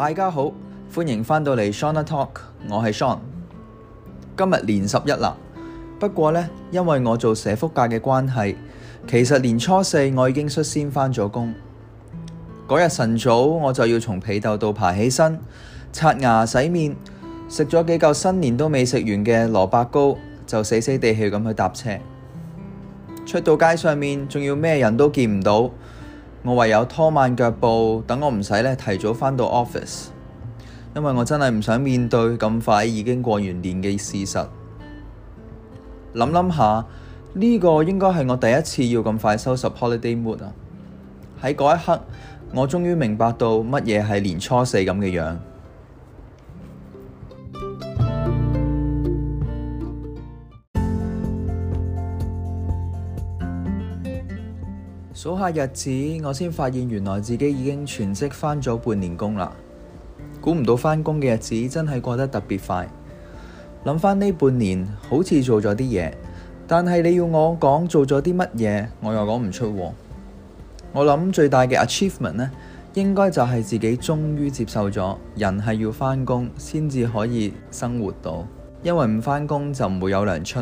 大家好，歡迎返到嚟 Shawn Talk，我係 Shawn。今日年十一啦，不過呢，因為我做社福界嘅關係，其實年初四我已經率先返咗工。嗰日晨早，我就要從被竇到爬起身，刷牙、洗面，食咗幾嚿新年都未食完嘅蘿蔔糕，就死死地氣咁去搭車。出到街上面，仲要咩人都見唔到。我唯有拖慢腳步，等我唔使咧提早返到 office，因為我真係唔想面對咁快已經過完年嘅事實。諗諗下呢個應該係我第一次要咁快收拾 holiday mood 啊！喺嗰一刻，我終於明白到乜嘢係年初四咁嘅樣。數下日子，我先發現原來自己已經全職翻咗半年工啦。估唔到翻工嘅日子真係過得特別快。諗翻呢半年，好似做咗啲嘢，但係你要我講做咗啲乜嘢，我又講唔出喎。我諗最大嘅 achievement 呢，應該就係自己終於接受咗，人係要翻工先至可以生活到，因為唔翻工就唔會有糧出。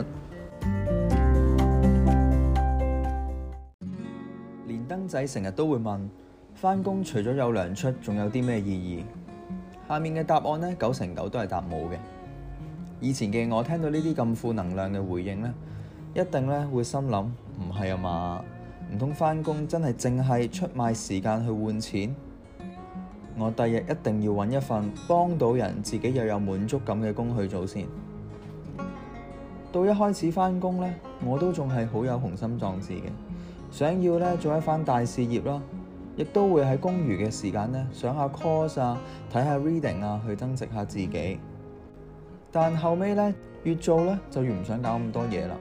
仔成日都會問：返工除咗有糧出，仲有啲咩意義？下面嘅答案呢，九成九都係答冇嘅。以前嘅我聽到呢啲咁負能量嘅回應呢，一定咧會心諗：唔係啊嘛，唔通返工真係淨係出賣時間去換錢？我第日一定要揾一份幫到人、自己又有滿足感嘅工去做先。到一開始返工呢，我都仲係好有雄心壯志嘅。想要咧做一番大事業咯，亦都會喺工餘嘅時間咧上下 course 啊，睇下 reading 啊，去增值下自己。但後尾咧越做咧就越唔想搞咁多嘢啦。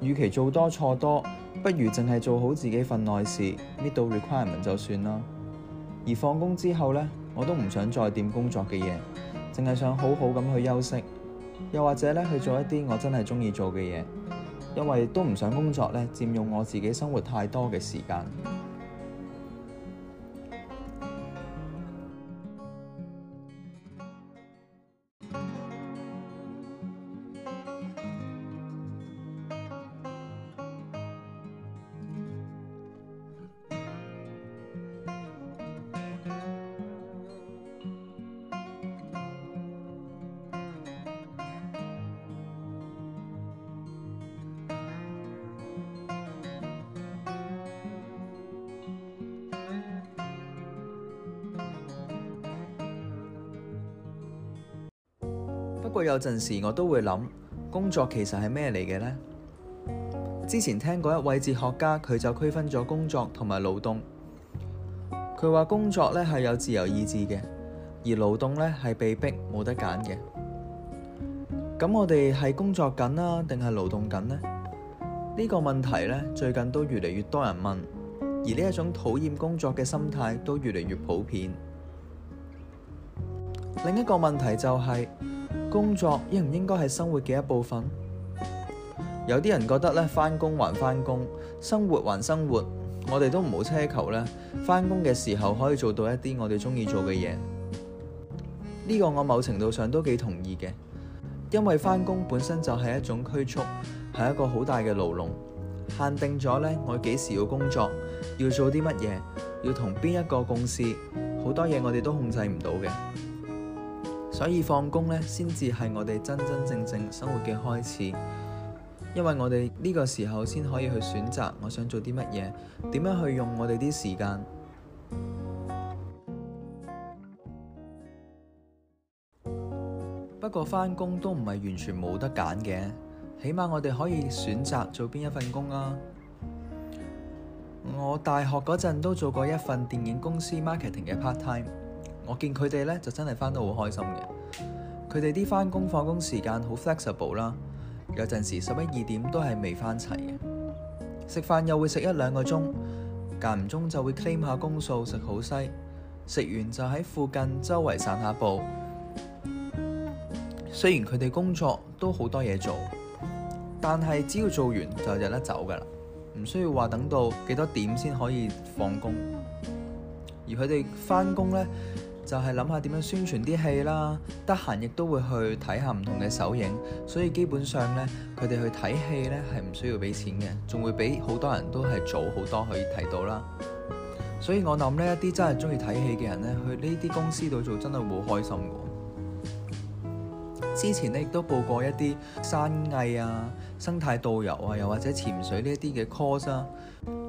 與其做多錯多，不如淨係做好自己份內事，meet 到 requirement 就算啦。而放工之後咧，我都唔想再掂工作嘅嘢，淨係想好好咁去休息，又或者咧去做一啲我真係中意做嘅嘢。因為都唔想工作咧，佔用我自己生活太多嘅時間。不過有陣時我都會諗，工作其實係咩嚟嘅呢？之前聽過一位哲學家，佢就區分咗工作同埋勞動。佢話工作咧係有自由意志嘅，而勞動咧係被逼冇得揀嘅。咁我哋係工作緊啊，定係勞動緊呢？呢個問題咧最近都越嚟越多人問，而呢一種討厭工作嘅心態都越嚟越普遍。另一個問題就係。工作應唔應該係生活嘅一部分？有啲人覺得咧，返工還返工，生活還生活，我哋都唔好奢求咧，返工嘅時候可以做到一啲我哋中意做嘅嘢。呢個我某程度上都幾同意嘅，因為返工本身就係一種拘束，係一個好大嘅牢籠，限定咗咧我幾時要工作，要做啲乜嘢，要同邊一個公司，好多嘢我哋都控制唔到嘅。所以放工呢，先至係我哋真真正正生活嘅開始，因為我哋呢個時候先可以去選擇我想做啲乜嘢，點樣去用我哋啲時間。 不過返工都唔係完全冇得揀嘅，起碼我哋可以選擇做邊一份工啊！我大學嗰陣都做過一份電影公司 marketing 嘅 part time。我見佢哋咧，就真係返得好開心嘅。佢哋啲返工放工時間好 flexible 啦，有陣時十一二點都係未返齊嘅，食飯又會食一兩個鐘，間唔中就會 claim 下公數，食好西，食完就喺附近周圍散下步。雖然佢哋工作都好多嘢做，但係只要做完就日得走㗎啦，唔需要話等到幾多點先可以放工。而佢哋返工呢，就係諗下點樣宣傳啲戲啦，得閒亦都會去睇下唔同嘅首映，所以基本上呢，佢哋去睇戲呢係唔需要俾錢嘅，仲會俾好多人都係早好多可以睇到啦。所以我諗呢一啲真係中意睇戲嘅人呢，去呢啲公司度做真係會好開心嘅。之前呢亦都報過一啲山藝啊、生態導遊啊，又或者潛水呢一啲嘅 course 啊，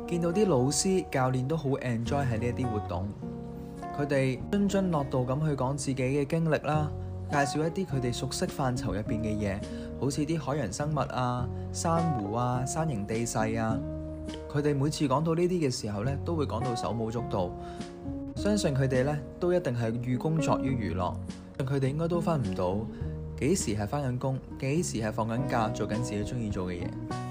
見到啲老師教練都好 enjoy 喺呢一啲活動。佢哋津津樂道咁去講自己嘅經歷啦，介紹一啲佢哋熟悉範疇入邊嘅嘢，好似啲海洋生物啊、珊瑚啊、山形地勢啊。佢哋每次講到呢啲嘅時候呢，都會講到手舞足蹈。相信佢哋呢，都一定係寓工作於娛樂，佢哋應該都分唔到幾時係翻緊工，幾時係放緊假，做緊自己中意做嘅嘢。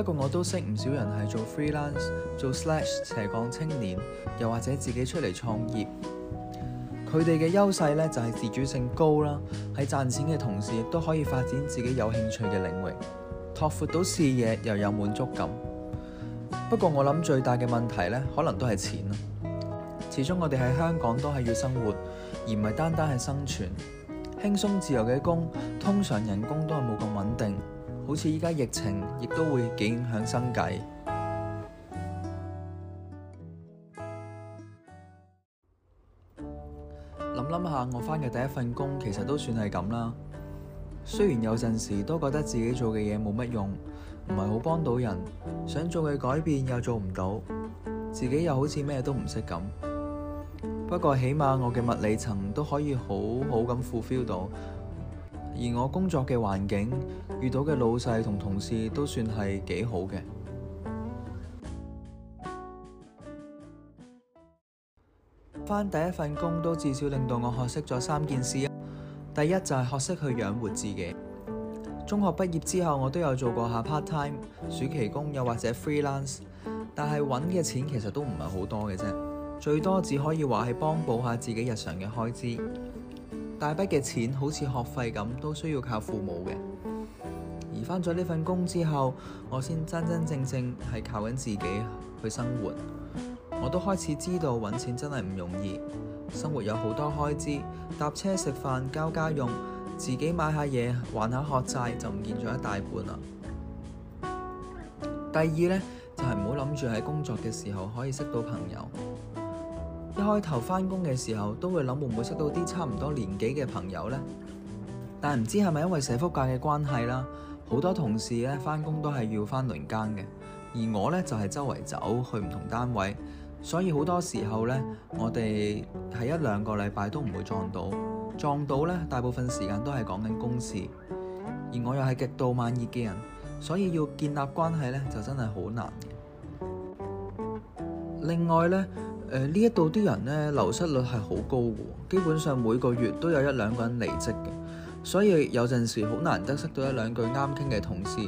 不過我都識唔少人係做 freelance、做 slash 斜槓青年，又或者自己出嚟創業。佢哋嘅優勢咧就係自主性高啦，喺賺錢嘅同時都可以發展自己有興趣嘅領域，拓闊到視野又有滿足感。不過我諗最大嘅問題咧，可能都係錢啦。始終我哋喺香港都係要生活，而唔係單單係生存。輕鬆自由嘅工，通常人工都係冇咁穩定。好似依家疫情，亦都會影響生計。諗諗下，我返嘅第一份工，其實都算係咁啦。雖然有陣時都覺得自己做嘅嘢冇乜用，唔係好幫到人，想做嘅改變又做唔到，自己又好似咩都唔識咁。不過起碼我嘅物理層都可以好好咁 fulfill 到。而我工作嘅環境，遇到嘅老細同同事都算係幾好嘅。返第一份工都至少令到我學識咗三件事。第一就係學識去養活自己。中學畢業之後，我都有做過下 part time、暑期工，又或者 freelance，但係揾嘅錢其實都唔係好多嘅啫，最多只可以話係幫補下自己日常嘅開支。大筆嘅錢好似學費咁，都需要靠父母嘅。而返咗呢份工之後，我先真真正正係靠緊自己去生活。我都開始知道揾錢真係唔容易，生活有好多開支，搭車、食飯、交家用，自己買下嘢還下學債就唔見咗一大半啦。第二呢，就係唔好諗住喺工作嘅時候可以識到朋友。一開頭翻工嘅時候都會諗會唔會識到啲差唔多年紀嘅朋友呢？但係唔知係咪因為社福界嘅關係啦，好多同事咧，翻工都係要翻輪更嘅，而我呢，就係周圍走去唔同單位，所以好多時候呢，我哋係一兩個禮拜都唔會撞到，撞到呢，大部分時間都係講緊公事，而我又係極度慢熱嘅人，所以要建立關係呢，就真係好難。另外呢。誒、呃、呢一度啲人咧流失率係好高嘅，基本上每個月都有一兩個人離職嘅，所以有陣時好難得識到一兩句啱傾嘅同事，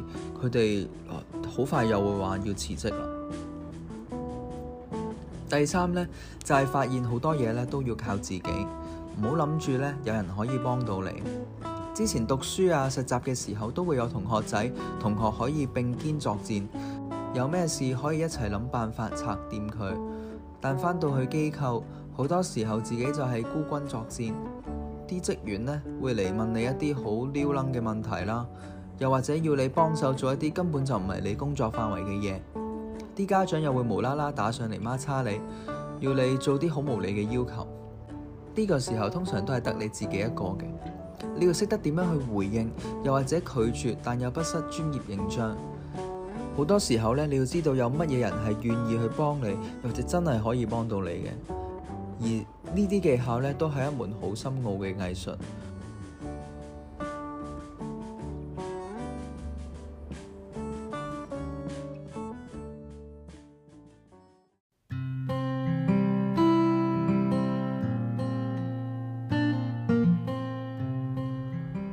佢哋好快又會話要辭職啦。第三呢，就係、是、發現好多嘢咧都要靠自己，唔好諗住咧有人可以幫到你。之前讀書啊實習嘅時候都會有同學仔同學可以並肩作戰，有咩事可以一齊諗辦法拆掂佢。但返到去機構，好多時候自己就係孤軍作戰，啲職員咧會嚟問你一啲好撩楞嘅問題啦，又或者要你幫手做一啲根本就唔係你工作範圍嘅嘢，啲家長又會無啦啦打上嚟媽叉你，要你做啲好無理嘅要求，呢個時候通常都係得你自己一個嘅，你要識得點樣去回應，又或者拒絕，但又不失專業形象。好多時候咧，你要知道有乜嘢人係願意去幫你，或者真係可以幫到你嘅。而呢啲技巧咧，都係一門好深奧嘅藝術。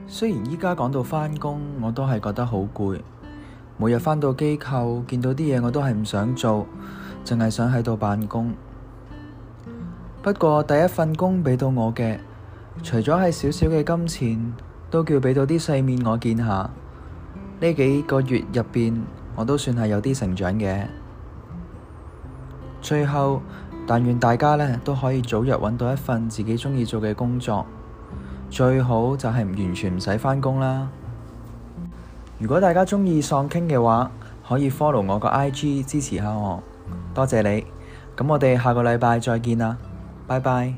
雖然依家講到返工，我都係覺得好攰。每日返到機構，見到啲嘢我都係唔想做，淨係想喺度辦公。不過第一份工畀到我嘅，除咗係少少嘅金錢，都叫畀到啲世面我見下。呢幾個月入邊，我都算係有啲成長嘅。最後，但願大家呢都可以早日揾到一份自己鍾意做嘅工作，最好就係完全唔使返工啦。如果大家鍾意喪傾嘅話，可以 follow 我個 IG 支持下我，多謝你。咁我哋下個禮拜再見啦，拜拜。